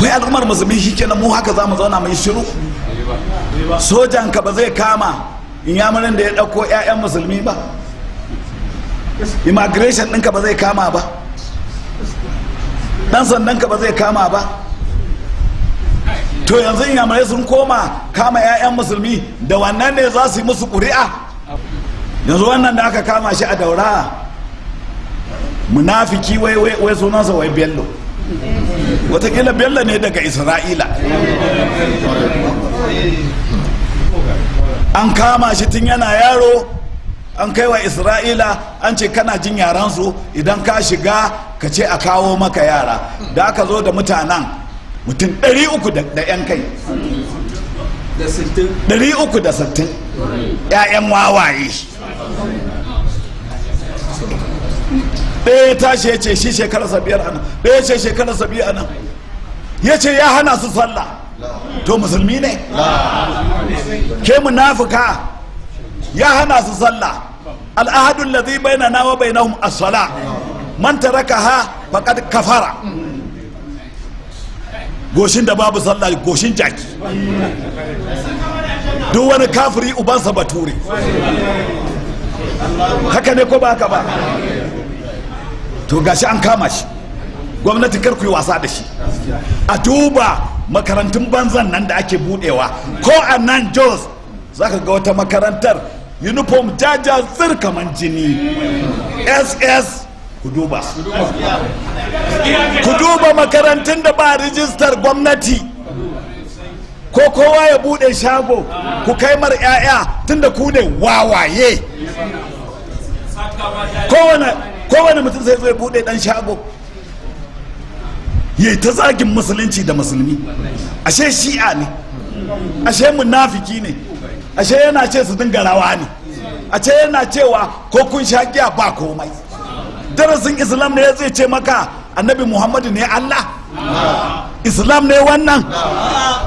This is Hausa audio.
wai al'ummar musulmi shi kenan mu haka za mu zauna mai shiru sojanka ba zai kama inyamurin da ya ɗauko 'ya'yan musulmi ba immigration ɗinka ba zai kama ba ɗan sandanka ba zai kama ba to yanzu inyamurai sun koma kama 'ya'yan musulmi da wannan ne za su yi musu ƙuri'a yanzu wannan da aka kama shi a daura munafiki wai wai sunansa wai bello watakila bello ne daga isra'ila an kama shi tun yana yaro an kai wa isra'ila an ce kana jin yaransu idan ka shiga ka ce a kawo maka yara da aka zo da mutanen mutum 300 da 'yan kai 360 'ya'yan wawaye ɗaya ya tashi ya ce shi shekarar biyar a nan ɗaya ya ce shekarar biyu a nan ya ce ya hana su sallah to musulmi ne ke munafuka ya hana su sallah al'ahadun ladhi bainana wa bainahum as-sala man tarakaha faqad kafara goshin da babu sallah goshin jaki duk wani kafiri ubansa bature haka ne ko ba haka ba to gashi an kama shi gwamnati kar ku yi wasa da shi a duba makarantun banzan nan da ake budewa ko a nan jos za ka ga wata makarantar uniform jaja zir kaman jini ss ku duba ku duba makarantun da ba rijistar gwamnati ko kowa ya bude shago ku kai mar 'ya'ya tunda ku ne wawaye kowane kowane mutum zai zo bude dan shago yayi ta zagin musulunci da musulmi ashe shi'a ne ashe munafiki ne ashe yana ce su dinga rawa ne ashe yana cewa ko kun sha giya ba komai darasin islam ne zai ce maka annabi muhammadu ne allah islam ne wannan